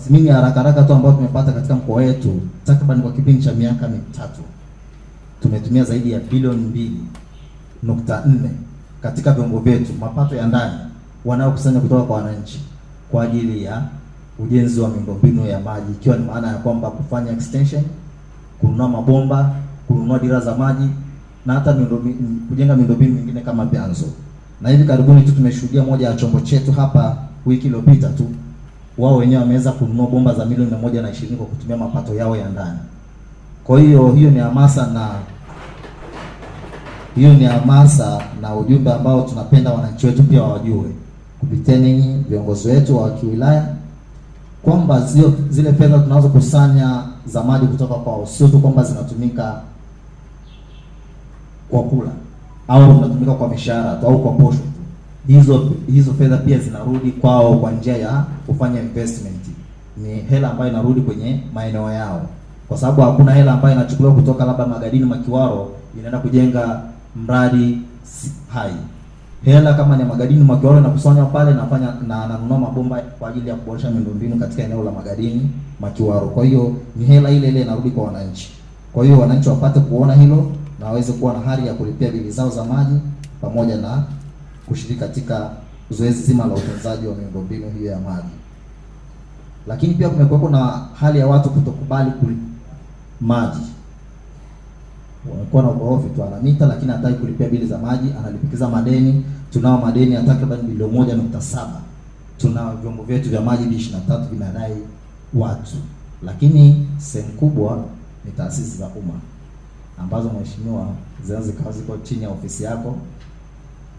tathmini haraka haraka tu ambayo tumepata katika mkoa wetu, takriban kwa kipindi cha miaka mitatu tumetumia zaidi ya bilioni mbili nukta nne katika vyombo vyetu, mapato ya ndani wanayokusanya kutoka kwa wananchi kwa ajili ya ujenzi wa miundombinu ya maji, ikiwa ni maana ya kwamba kufanya extension, kununua mabomba, kununua dira za maji na hata kujenga miundombinu mingine kama vyanzo. Na hivi karibuni tu tumeshuhudia moja ya chombo chetu hapa wiki iliyopita tu wao wenyewe wameweza kununua bomba za milioni mia moja na ishirini kwa kutumia mapato yao ya ndani. Kwa hiyo hiyo ni hamasa na hiyo ni hamasa na ujumbe ambao tunapenda wananchi wetu pia wajue kupitia ninyi viongozi wetu wa kiwilaya kwamba zio, zile fedha tunazokusanya za maji kutoka kwao sio tu kwamba zinatumika kwa kula au zinatumika kwa mishahara au kwa posho hizo hizo fedha pia zinarudi kwao kwa njia ya kufanya investment. Ni hela ambayo inarudi kwenye maeneo yao, kwa sababu hakuna hela ambayo inachukuliwa kutoka labda Magadini Makiwaro inaenda kujenga mradi hai. Hela kama ni Magadini Makiwaro inakusanywa pale, nafanya na nanunua mabomba kwa ajili ya kuboresha miundombinu katika eneo la Magadini Makiwaro. Kwa hiyo ni hela ile ile inarudi kwa wananchi. Kwa hiyo wananchi wapate kuona hilo na waweze kuwa na hali ya kulipia bili zao za maji pamoja na kushiriki katika zoezi zima la utunzaji wa miundombinu hiyo ya maji. Lakini pia kumekuwa na hali ya watu kutokubali kulipa maji, wamekuwa na ukorofi tu, anamita lakini hataki kulipia bili za maji, analipikiza madeni. Tunao madeni ya takriban bilioni moja nukta saba tuna vyombo vyetu vya maji bi ishirini na tatu vinadai watu, lakini sehemu kubwa ni taasisi za umma ambazo mheshimiwa, zinaweza zikawa ziko chini ya ofisi yako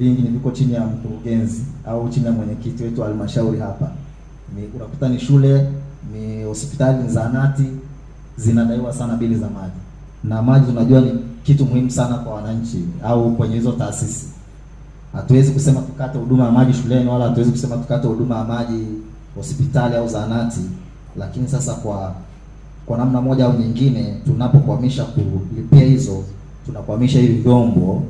vingi viko chini ya mkurugenzi au chini ya mwenyekiti wetu halmashauri hapa. Ni unakuta ni shule, ni hospitali, ni zahanati zinadaiwa sana bili za maji, na maji tunajua ni kitu muhimu sana kwa wananchi au kwenye hizo taasisi. Hatuwezi kusema tukate huduma ya maji shuleni, wala hatuwezi kusema tukate huduma ya maji hospitali au zahanati, lakini sasa kwa kwa namna moja au nyingine tunapokwamisha kulipia hizo, tunakwamisha hivi vyombo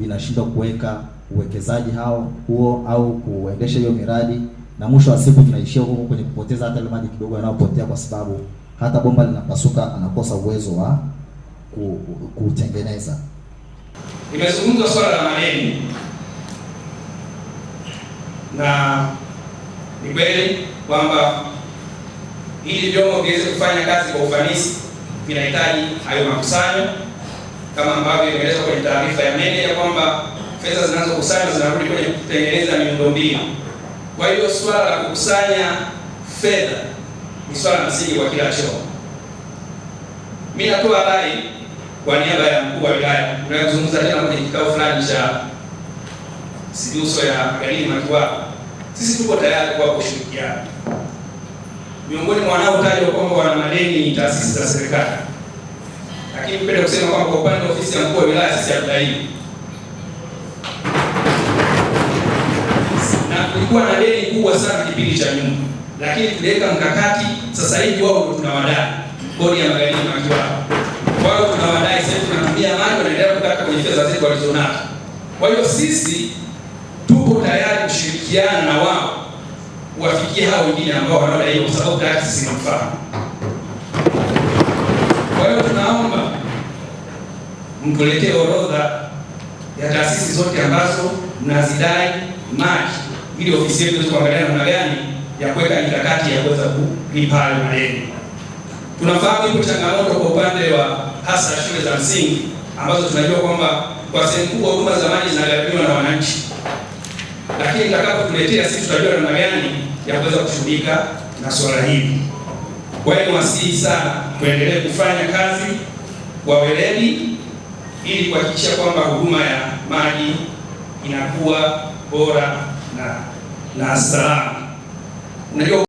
vinashindwa kuweka uwekezaji hao huo au kuendesha hiyo miradi, na mwisho wa siku tunaishia huko kwenye kupoteza hata ile maji kidogo yanayopotea, kwa sababu hata bomba linapasuka, anakosa uwezo wa kutengeneza. Nimezungumza swala la madeni na ni kweli kwamba ili vyombo viweze kufanya kazi kwa ufanisi vinahitaji hayo makusanyo, kama ambavyo imeelezwa kwenye taarifa ya ya kwamba fedha zinazokusanywa zinarudi kwenye kutengeneza miundombinu. Kwa hiyo swala la kukusanya fedha ni swala la msingi kwa kila choo. Mimi natoa rai kwa niaba ya mkuu wa wilaya, unayozungumza tena kwenye kikao fulani cha siduso ya magharibi Matiwaro, sisi tuko tayari kwa kushirikiana. Miongoni mwa wanaotajwa kwamba wana madeni taasisi za serikali, lakini mpende kusema kwamba kwa upande wa ofisi ya mkuu wa wilaya sisi hatudaibu tulikuwa na deni kubwa sana kipindi cha nyuma, lakini tuliweka mkakati. Sasa hivi wao tunawadai kodi ya magharibi makiwao, wao tunawadai sasa, tunatumia maji, wanaendelea kukata kwenye fedha zetu walizonazo. Kwa hiyo sisi tupo tayari kushirikiana na wao wafikie hao wengine ambao wanaodaiwa, kwa sababu tayari sisi Kwa hiyo tunaomba mtuletee orodha ya taasisi zote ambazo mnazidai maji ili ofisi yetu kuangalia namna gani ya kuweka mikakati ya kuweza kulipale madeni. Tunafahamu ipo changamoto kwa upande wa hasa shule za msingi ambazo tunajua kwamba kwa sehemu kubwa huduma za maji zinagharimiwa na wananchi, lakini itakapotuletea sisi tutajua namna gani ya kuweza kushughulika na swala hili. Kwa hiyo niwasihi sana tuendelee kufanya kazi kwa weledi ili kuhakikisha kwamba huduma ya maji inakuwa bora na na saa unajua